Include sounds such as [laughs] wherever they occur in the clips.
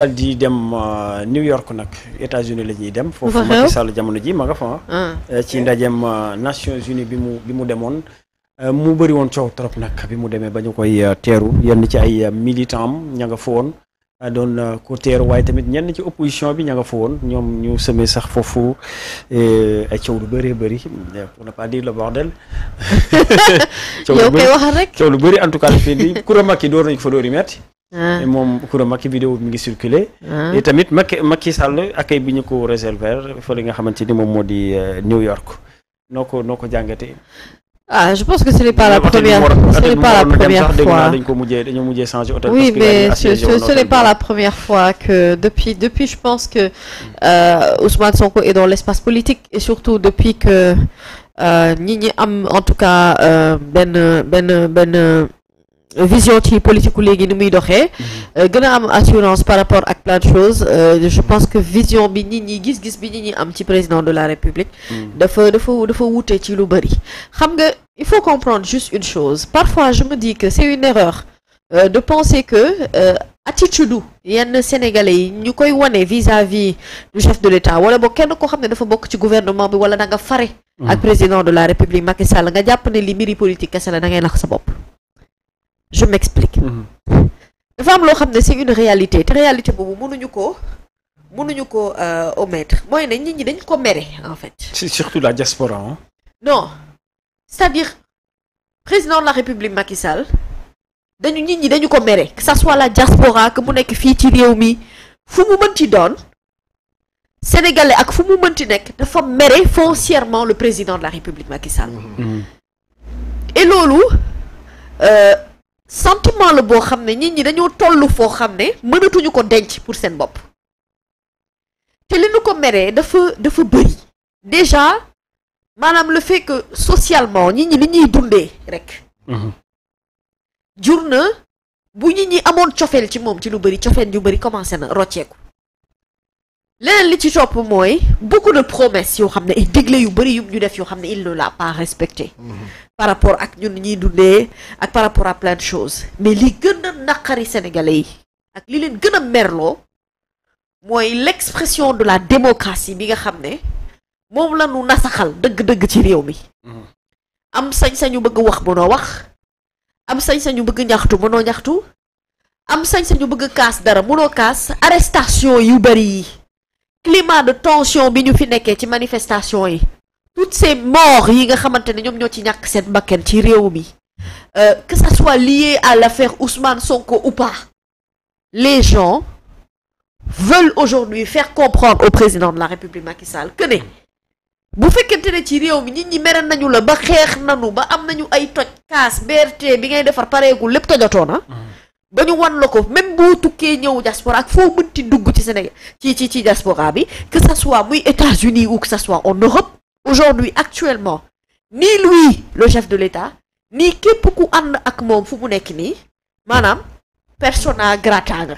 daal di dem euh, New York nag États-Unis la ñuy dem foofu Macky jamono ji ma nga ah. euh, ci ndajem euh, Nations Unies bi mu bi mu demoon mu bëri woon coow trop nag bi mu demee ba ñu koy teeru yenn ci ay militant am ña nga fa woon doon ko teeru waaye tamit ñenn ci opposition bi ñanga nga fa woon ñoom ñu semee sax foofu ay coow lu bari bëri pour ne pas dire le bordel [laughs] [laughs] coow lu bëri en tout cas fii di kura Macky door nañ fa dóori metti Ah. et moom kuréel Macky vidéo bi mi ngi circulé. Ah. et tamit Macky Macky Sall accueil bi ñu ko réserver fële nga xamante ni moom moo di euh, New York noo ko noo ko jàngatee. ah je pense que ce n'est pas la première ce n'est pas la première fois oui que depuis depuis je pense que euh, Ousmane Sonko est dans l'espace politique et surtout depuis que euh, ñi am en tout cas euh, benn vision ci politique léegi ni muy doxee mm-hmm. euh, gën a am assurance par rapport ak plein de choses euh, je pense que vision bi nit ñi gis-gis bi nit ñi am ci président de la république mm-hmm. dafa dafa dafa wuute ci lu bëri xam nga il faut comprendre juste une chose parfois je me dis que c'est une erreur euh, de penser que euh, attitude u yenn sénégalais yi ñu koy wane vis-à-vis du chef de l'État wala boo kenn koo xam ne dafa bokk ci gouvernement bi wala da nga fare ak mm-hmm. président de la république Sall nga jàpp li mbiri politique kese la da ngay nax sa bopp je m'explique mhm. dafa am loo xam ne c'est une réalité te réalité boobu mënuñu ko mënuñu ko euh, omettre mooy ne nit ñi dañ ko mere en fait. c'est surtout la diaspora hein? non c'est-à-dire président de la république Macky dañu nit ñi dañu ko mere que ça soit la diaspora que mu nekk fii ci réew mi fu mu mënti doon sénégalais ak fu mu mënti nekk dafa mere foncièrement le président de la république Macky Sall. Mm -hmm. et loolu. Euh, sentiment la boo xam ne nit ñi dañoo toll foo xam ne mënatuñu ko denc pour seen bopp te li ñu ko meree dafa dafa bëri déjà maanaam le fait socialement nit ñi li ñuy dundee rek mhm. jur na bu nit ñi amoon cofeel ci moom ci lu bëri cofeel yu bëri commencé na rocceeku leneen li ci topp mooy beaucoup de promesses yoo xam ne ay digle yu bari yu ñu def yoo xam ne il ne l'a pas respecté mm-hmm. par rapport ak ñun ñuy dundee ak par rapport à plein de choses mais li gën a naqari sénégalais yi ak li leen gën a merloo mooy l'expression de la démocratie bi nga xam ne moom la ñu nasaxal dëgg-dëgg ci réew mi mm-hmm. am sañ-sañu bëgg wax mënoo wax am sañ-sañu bëgg ñaxtu mënoo ñaxtu am sañ-sañu bëgg kaas dara mënoo kaas arrestation yu bëri yi climat de tension bi ñu fi nekkee ci manifestation yi toutes ces morts yi nga xamante ne ñoom ñoo ci ñàkk seen bakkan ci réew mi euh, que ça soit lié à l'affaire Ousmane Sonko ou pas les gens veulent aujourd'hui faire comprendre au président de la République Macky Sall que ne bu fekkente ne ci réew mi nit ñi mere nañu la ba xeex nañu ba am nañu ay toj kaas BRT bi ngay defar pareegul lépp tojatoona ah. mm-hmm. ba ñu wan la ko même boo tukkee ñëw diaspora ak foo mënti dugg ci Sénégal ci ci ci diaspora bi que ça soit muy États-Unis ou que ça soit en Europe aujourd'hui actuellement ni lui le chef de l'État ni képp ku ànd ak moom fu mu nekk nii maanaam persona grata nga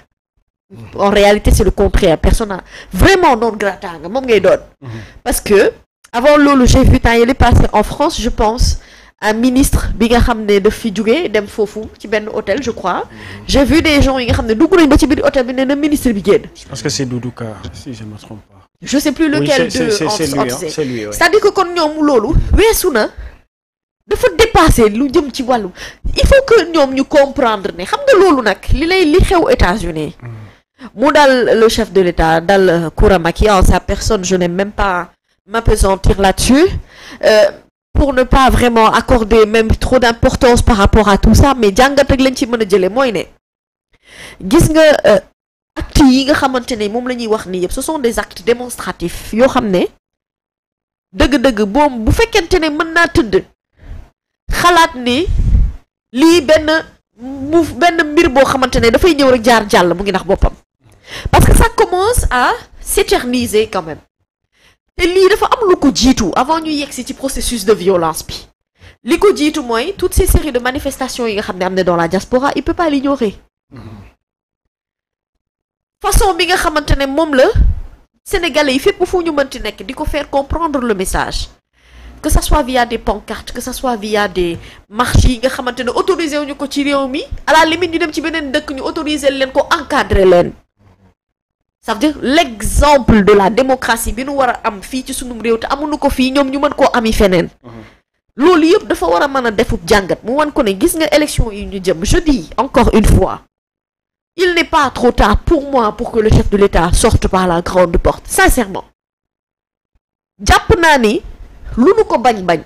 mhm. en réalité c'est le contraire persona vraiment non grata nga moom ngay doon mhm. parce que avant loolu j'ai vu temps yële passé en France je pense un ministre bi nga xam ne daf fi jóge dem foofu ci benn hôtel je crois j'ai vu des gens yi nga xam ne dugg nañ ba ci biir hôtel bi ne na ministre bi génn. je pense que c'est Doudou Ka si je me sais plus lequel de c'est c'est-à-dire que kon ñoom loolu weesu na dafa dépassé lu jëm ci wàllu il faut que ñoom ñu comprendre ne xam nga loolu nag li lay li xew États-Unis moo dal le chef de l'État dal Kouramaki en sa personne je n'ai même pas m'appesantir là pour ne pas vraiment accorder même trop d'importance par rapport à tout ça mais jàngat ak lañ ci mën a jëlee mooy ne gis nga euh, actes yi nga xamante ne moom la ñuy wax nii yëpp ce sont des actes démonstratifs yoo xam ne dëgg-dëgg boom bu fekkente ne mën naa tëdd xalaat ni lii benn mu benn mbir boo xamante ne dafay ñëw rek jaar jàll mu ngi nax boppam parce que ça commence à s'éterniser quand même te lii dafa am lu ko jiitu avant ñu yegsi ci processus de violence bi li ko jiitu mooy toutes ces séries de manifestations yi nga xam ne am na dans la diaspora il peut pas l'ignorer mm-hmm. façon bi nga xamante ne moom la sénégalais yi fépp fu ñu mënti nekk di ko faire comprendre le message que ça soit via des pancartes que ça soit via des marches yi nga xamante ne autorisé wuñu ko ci réew mi à la limite ñu dem ci beneen dëkk ñu autoriser leen ko encadrer leen ça veut dire l'exemple de la démocratie bi nu war a am fii ci sunum réew te amuñu ko fii ñoom ñu mën koo ami feneen uh-huh. loolu yëpp dafa war a mën a defub jàngat mu wan ko ne gis nga élection yi ñu jëm je dis encore une fois il n'est pas trop tard pour mois pour que le chef de l'État sorte par la grande porte sincèrement jàpp naa ni lu nu ko bañ-bañ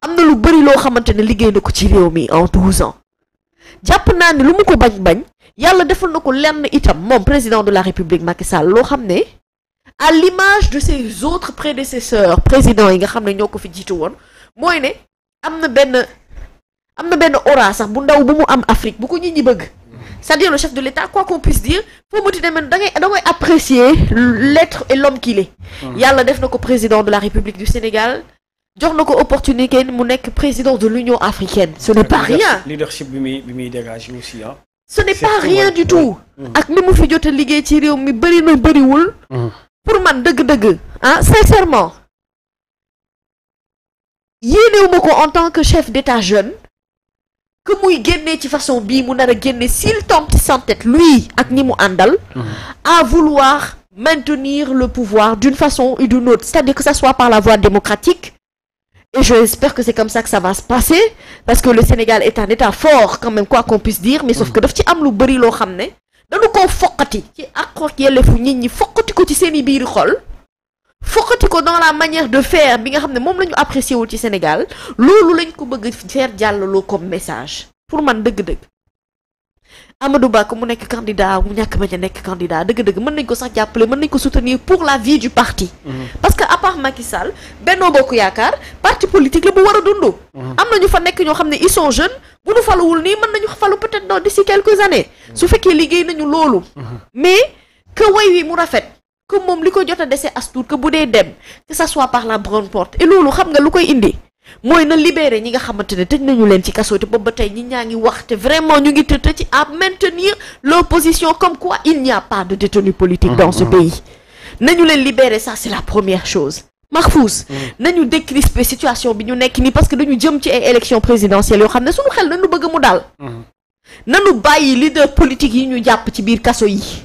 am na lu bëri loo xamante ne liggéey na ko ci réew mi en douze ans jàpp naa ni lu mu ko bañ-bañ yàlla defal na ko lenn itam moom président de la république Macky Sall loo xam ne à l'image de ses autres prédécesseurs présidents yi nga xam ne ñoo ko fi jiitu woon mooy ne am na benn am na benn aura bu ndaw bu mu am Afrique bu ko nit ñi bëgg c'est-à-dire le chef de l'État quoi qu'on puisse dire foo mu ti demee da ngay da ngay apprécier l'être et l'homme qu'il est yàlla def na ko président de la république du Sénégal jox na ko opportunité mu nekk président de l'Union africaine ce n'est pas rien leadership bi muy bi ce n'est pas rien du tout ak li mu fi jot a liggéey ci réew mi bëri na bëriwul mm. pour man dëgg-dëgg ah sincèrement yéenewuma ko en tant que chef d'état jeune que muy génnee ci façon bii mu nara a génne s'il tombe ci s'entête lui ak ni mu àndal mm. à vouloir maintenir le pouvoir d'une façon ou d'une autre c'est-à-dire que ça soit par la voie démocratique Et j'espère que c'est comme ça que ça va se passer parce que le Sénégal est un état fort quand même quoi qu'on puisse dire mais sauf que daf ci am lu bari loo xam ne dañu koo foqati ci ak ak yelleefu nit ñi foqati ko ci seeni biir xol foqati ko dans la manière de faire bi nga xam ne moom la ñu apprécié wul ci Sénégal loolu lañ ko bëgg faire jàllaloo comme message pour man dëgg-dëgg Amadou Ba mu nekk candidat mu ñàkk bañ a nekk candidat dëgg-dëgg mën nañ ko sax jàppale mën nañ ko soutenir pour la vie du parti. Mhm. parce que à part Macky Benno Bokk Yaakaar parti politique la bu war a dund. Mhm. am na ñu fa nekk ñoo xam ne ils sont jeunes bu nu faluwul nii mën nañu falu peut-être dans d'ici quelques années. Mhm. su fekkee liggéey nañu loolu. mais que way wi mu rafet. que moom li ko jot a dese as tuut que bu dee dem que ça soit par la bonne porte et loolu xam nga lu koy indi. mooy na libéré ñi nga xamante ne tëj nañu leen ci kaso te boobu ba tey ñi ñaa ngi wax te vraiment ñu ngi tëdd ci à maintenir position comme quoi il n'y a pas de détenu politique dans ce mmh, mmh. pays nañu leen libéré ça c'est la première chose Mahfouz mmh. nañu décrisper situation bi ñu nekk nii parce que dañu jëm ci ay élections présidentielles yoo xam ne suñu xel nañu bëgg mu daal nañu bàyyi leader politique yi ñu jàpp ci biir kaso yi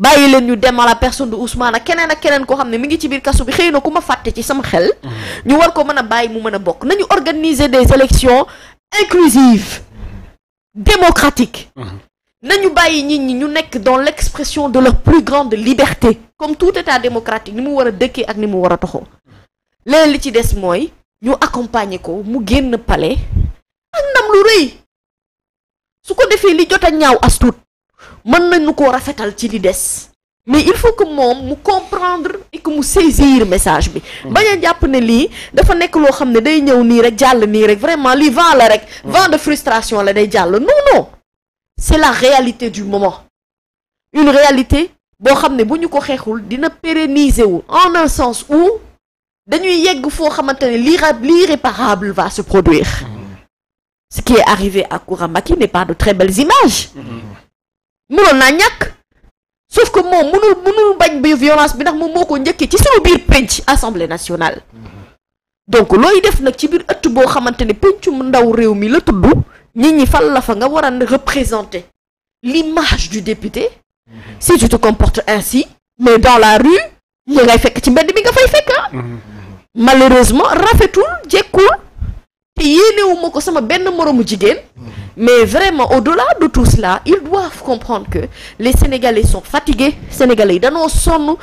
bàyyi leen ñu dem à la personne de Ousmane ak keneen ak keneen ko xam ne mi ngi ci biir kaso bi xëy na ku ma fàtte ci sama xel. Mm-hmm. ñu war ko mën a bàyyi mu mën a bokk nañu organiser des élections inclusives démocratiques. Mm-hmm. nañu bàyyi nit ñi ñu nekk dans l'expression de leur plus grande liberté comme tout état démocratique ni mu war a dëkkee ak ni mu war a toxoo léegi li ci des mooy ñu accompagner ko mu génn palais ak ndam lu rëy su ko defee li jot a ñaaw as mën nu ko rafetal ci li des mais il faut que moom mu comprendre et que mu saisir message bi mm. bañ jàpp ne lii dafa nekk loo xam ne day ñëw nii rek jàll nii rek vraiment lii vent la rek mm. vent de frustration la day jàll non non c'est la réalité du moment une réalité boo xam ne bu ñu ko xeexul dina pérenniser wu en un sens où dañuy yegg foo xamante ne l'irréparable va se produire mm. ce qui est arrivé à Kouramaki n'est pas de très belles images mënoon naa ñàkk sauf ko moom mënul mënul bañ bi violence bi ndax moom moo ko njëkkee ci sama biir penc assemblée nationale donc looy def nag ci biir ëtt boo xamante ne pencum ndaw réew mi la tudd nit ñi fal la fa nga war a représenter l'image du député si tu te comportes ainsi mais dans la rue li ngay fekk ci mbedd mi nga fay fekk ah malheureusement rafetul jekkul te yéenewuma ko sama benn moroomu jigéen mais vraiment au-delà de tout cela ils doivent comprendre que les sénégalais sont fatigués sénégalais yi danoo sonn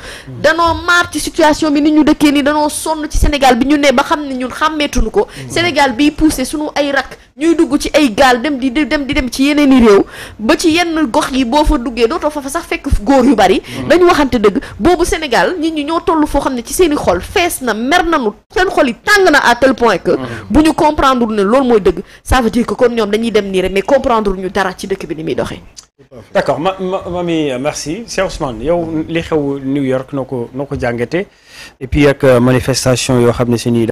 danoo maar ci situation bi ni ñu dëkkee nii danoo sonn ci sénégal bi ñu ne ba xam ne ñun xàmmeetuñu ko mm-hmm. sénégal biy poussé suñu ay rak ñuy dugg ci ay gaal dem di dem di dem ci yeneen i réew ba ci yenn gox yi boo fa duggee dootoo fa fa sax fekk góor yu bari. Mm-hmm. dañu waxante dëgg boobu Sénégal nit ñi ñoo toll foo xam ne ci seen i xol fees na mer nañu seen xol yi tàng na à tel point que. Mm-hmm. bu ñu comprendre ne loolu mooy dëgg ça veut que kon ñoom dañuy dem nii rek mais comprendre ñu dara ci dëkk bi ni muy doxee. d'accord ma ma mami merci Cheikh yow li xew New York noo ko noo ko jàngate et puis ak euh, manifestation yoo xam ne si nii